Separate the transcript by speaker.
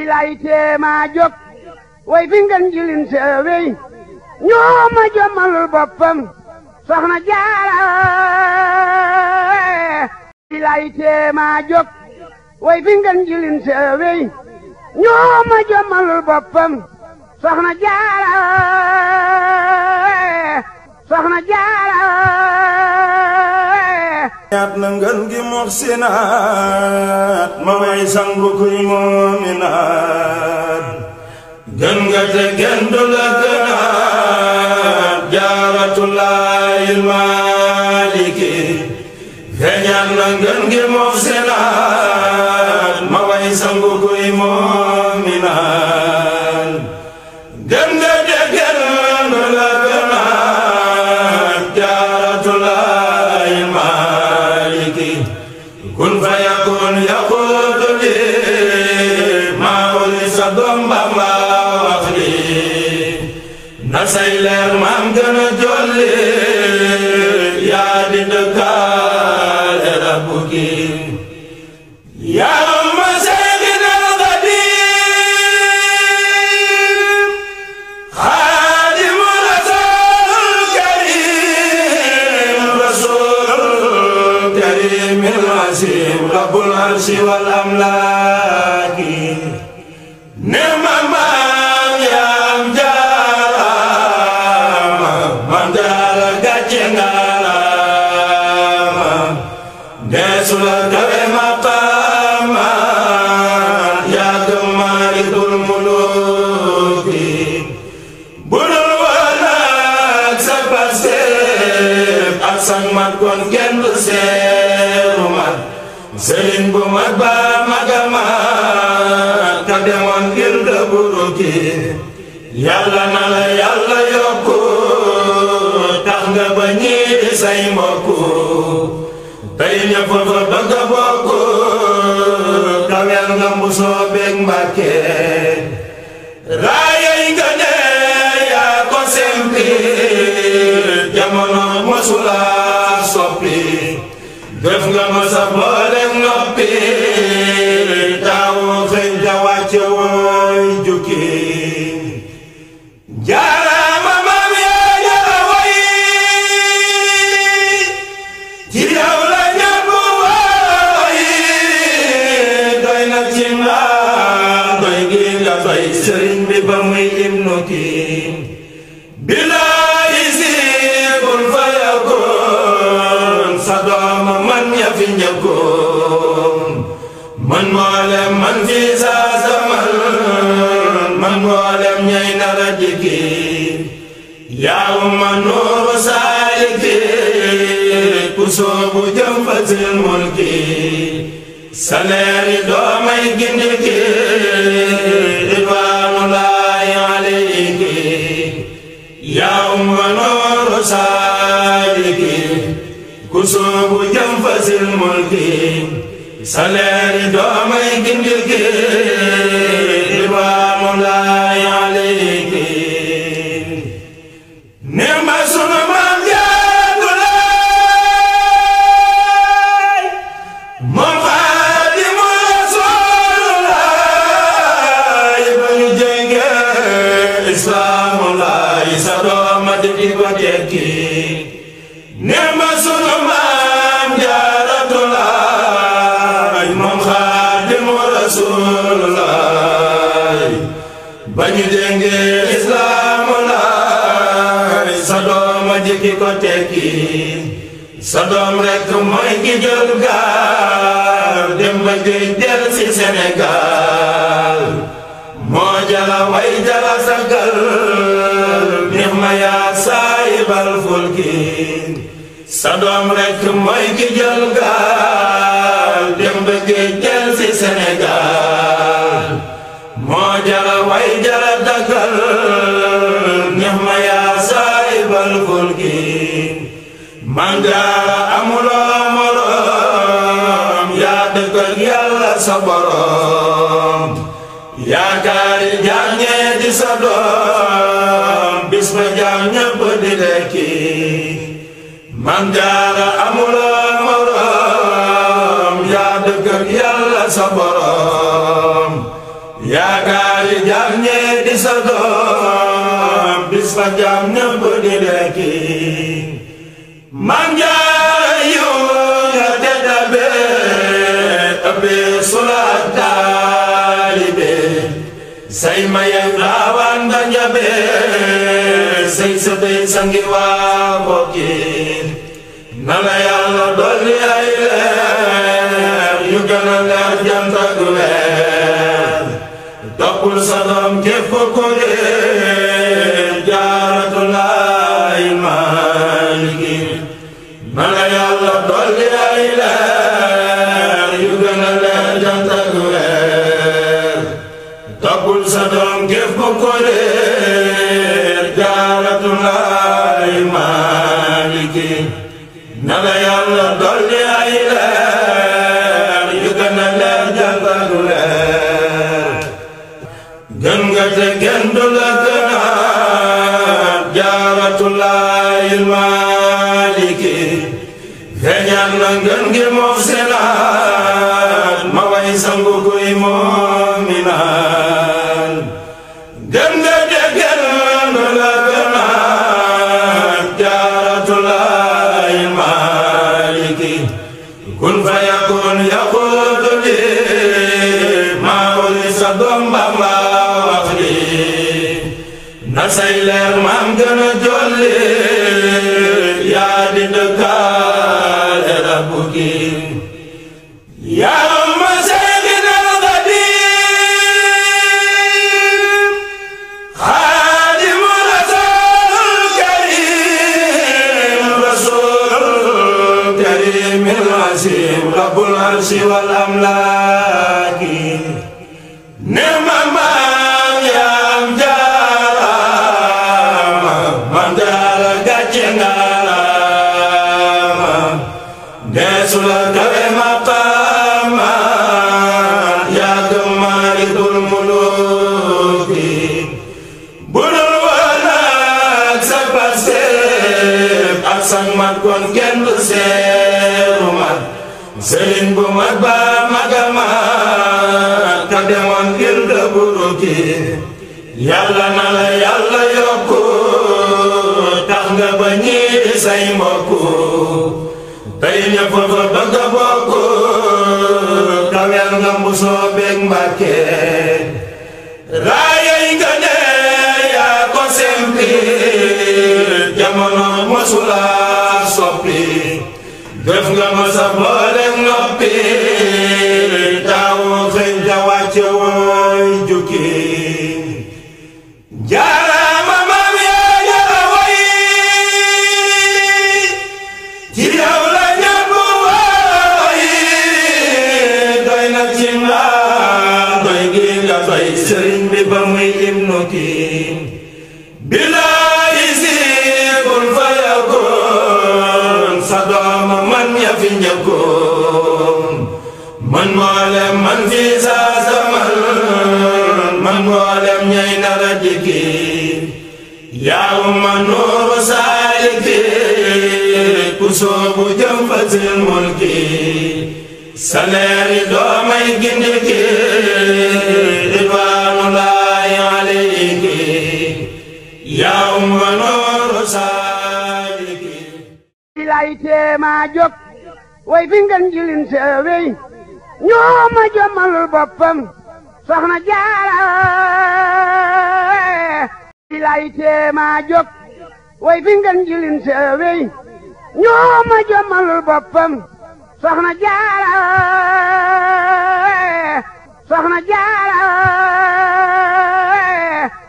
Speaker 1: ilay teema jóg way fi ngeen ma jommalul boppam soxna way fi ngeen jilin seewey ñoo ma jommalul soxna jaara soxna jaara ñaat na ngën gi muxsinaat ma way sangu kuy moominaat gën nga te gën du la gënaat leer maam gën a jolli yaa di dëkkaale rabbu gi yaa ma Seydina Xaadim
Speaker 2: Xaadimu
Speaker 1: Rasuul Karim Rasuul Karim al-Aziim rabbul arshi wal amlaaki ne ma sëriñ bu mag ba magama te demoon ngir dëbbu tukki yàlla na la yàlla yokku tax nga ba ñii di say mbokku tey ñëpp fa bëgg a bokk tawel nga mbusoo beeg mbàkke raayay nga ne yaa ko sempi jamono mosulaa soppi def nga ma sa Amen دوم من يفي يكون من معلم من في زمن من معلم يين رجكي يا أم نور سالكي كسوب جنفة الملك سلير دومي جنكي رضوان الله عليك يا أم ku soobu jëm fasil mulki sa leeri doomay gindil gi ridwaanu laahi aleyki nema sunu maam jaadu laay moom xaadimu rasuulu laay ba ñu jënge sa dooma di di ko ñu dénge islaam laay sa dooma jikki ko tekki sa mooy ki jël dem ba géej del si Sénégal moo jala way jala sagal ma yaa saayibal fulki sa doom mooy ki jël gaal dem ba géej manja amuloo moroom yaa dëkk yàlla sa boroom yaakaari jaam ñee di sa doom bis ba jaam ñëpp di dekki manja amuloo moroom yaa dëkk yàlla sa boroom yaakaari jaam ñee di sa doom bis ba jaam ñëpp di dekki say maye rawan da njabe say sebe sangi wa bokir nana yàlla dolli ay leer yu gën a leer jant ak weer toppul sa doom képp ko réer jaaratulaay maaliki na la yàlla dolli ay leer yu gën a leer jàngalu leer gën nga te gën du la gënaat jaaratulaay maaliki feeñal na gën gi moo yaa di dëkkaale rabbu gi sang mat kon kenn du seeru mat sëriñ bu mat ba maga mat ka demoon ngir dëbbu tukki na la yàlla yokku tax nga ba ñii di say mbokku tey fa bëgg a bokku tawel nga mbusoo beeg mbàkkee jamono mësula soppi def nga ma sa boole man mboolem man fi saa samal man mboolem ñay nar a jege yaaw ma nooru ku soobu jëm fa mulki saleeri doomay gindiki ridwaanu aleyki yaaw ma nooru saaliki lay tee maa jóg way fi ngeen jilin seewey ñoo ma jëmmalul boppam soxna jaara bilaay tee maa jóg way fi ngeen jilin seewey ñoo ma jëmmalul boppam soxna jaara soxna jaara